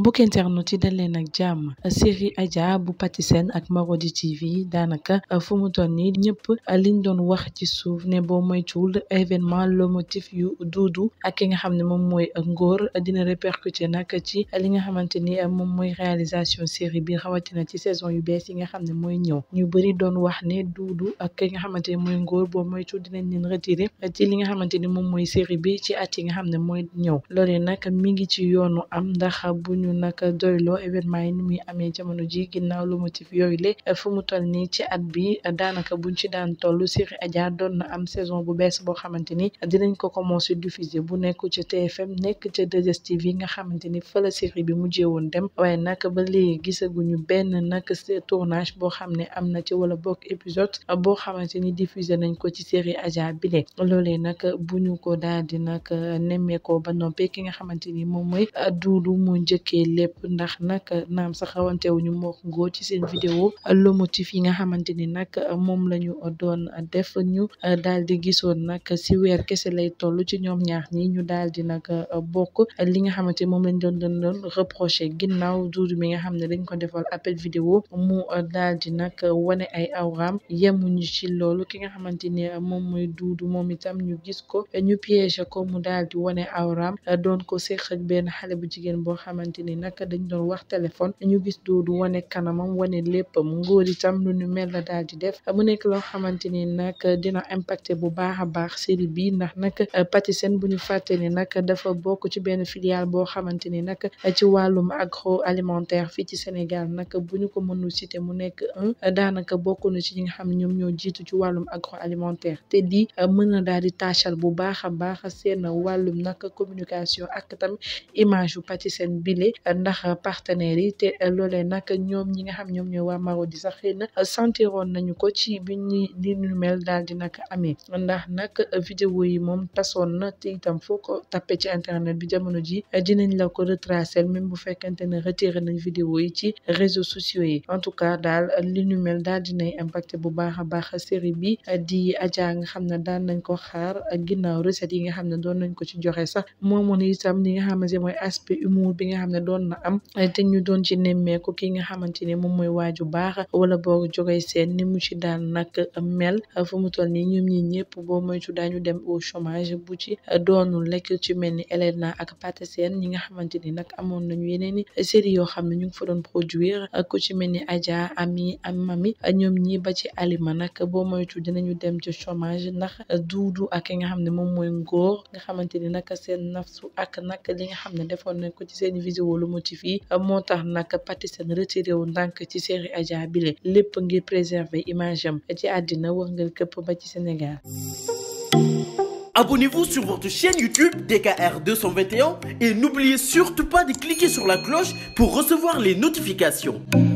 mbokk internet yi dañ leen ak jàmm série Adja bu Patisen Sène ak Marodi TV daanaka fu mu toll nii ñëpp liñ doon wax ci suuf ne boo moytuwul événement lomotif yu duudu ak ki nga xam ne moom mooy ngóor dina répercuté nag ci li nga xamante ni moom mooy réalisation série bi xawatina ci saison yu bees yi nga xam ne mooy ñëw ñu bëri doon wax ne duudu ak ki nga xamante ni mooy ngóor boo moytuwul dinañ leen retiré ci li nga xamante ni moom mooy série bi ci at yi nga xam ne mooy ñëw loolee nag mi ngi ci yoonu am ndax bu ñu ñu nag doyloo événement yi ni muy amee jamono ji ginnaaw lomotif yooyu le fu mu toll nii ci at bi daanaka buñ ci daan toll Siré Adja doon na am saison bu bees boo xamante ni dinañ ko commencé diffuser bu nekk ca TFM nekk ca 2STV nga xamante ni fa la série bi mujjee woon dem waaye nag ba léegi gisaguñu benn nag tournage boo xam ne am na ci wala bokk épisode boo xamante ni diffuser nañ ko ci Siré Adja bi le loolee nag bu ko daal di nag nemmeekoo ba noppee ki nga xamante moom expliquer lépp ndax nag naam sa xawante wuñu mook ngoo ci seen vidéo le motif yi nga xamante ni nag moom la ñu doon def ñu daal di gisoon nag si weer kese lay toll ci ñoom ñaar ñi ñu daal di nag bokk li nga xamante moom lañ doon doon doon reproché ginnaaw duudu mi nga xam ne dañ ko defal appel vidéo mu daal di nag wane ay awraam yemuñu loolu ki nga xamante ni moom mooy duudu moom itam ñu gis ko ñu piégé ko mu daal di wane awraam doon ko séq ak benn xale bu jigéen boo xamante ni nag dañ doon wax téléphone ñu gis Doudou wane kanamam wane léppam ngóor itam lu nu mel la daal di def mu nekk loo xamante ni nag dina impacté bu baax a baax série bi ndax nag euh, Patisen seen bu ñu fàtte nag dafa bokk ci benn filiale boo xamante ni nag ci wàllum agroalimentaire fii ci Sénégal nag bu ko mënul cité mu nekk daanaka bokk na ci nga xam ñoom ñoo jiitu ci wàllum agroalimentaire te lii euh, mën na daal di tàccal bu baax a baax seen wàllum nag communication ak tam image yu Patisen bile ndax partenaire yi te loolee nag ñoom ñi nga xam ñoom ñooy waa Marodi sax xëy na sentiroon nañu ko ci bi ñi li ñu mel daal di nag amee ndax nag vidéo yi moom tasoon na te itam foo ko ci internet bi jamono ji dinañ la ko retracer même bu fekkente ne retiré nañ vidéo yi ci réseaux sociaux yi en tout cas daal li ñu mel daal dinay impacté bu baax a baax a série bi di Adja nga xam ne daan nañ ko xaar ginnaaw recette yi nga xam ne doon nañ ko ci joxe sax moomoon doon na am eh, te ñu doon ci nemmeeku ki nga xamante ni moom mooy waaju baax wala boog jogee seen ni mu ci daan nag mel fu mu toll nii ñoom ñi ñëpp boo moytu daañu dem au chômage bu ci doonul lekk ci mel ni Elena ak Pathé Sène ñi nga xamante ni nag amoon nañu yeneen i série yoo xam ne ñu ngi fa doon produire ku ci mel ni Adja Ami am Mami ñoom ñi ba ci Alima nag boo moytu dinañu dem ci chômage ndax duudu ak ki nga xam ne moom mooy ngóor nga xamante ni nag seen nafsu ak nag li nga xam ne defoon nañ ko ci seen vidéo lu mu ci fii moo tax nag Patty Sène wu ndànk ci série Adja bile lépp ngir préserver image am ci àddina wërngal këpp ba ci Sénégal Abonnez-vous sur votre chaîne YouTube DKR et n'oubliez surtout pas de cliquer sur la cloche pour recevoir les notifications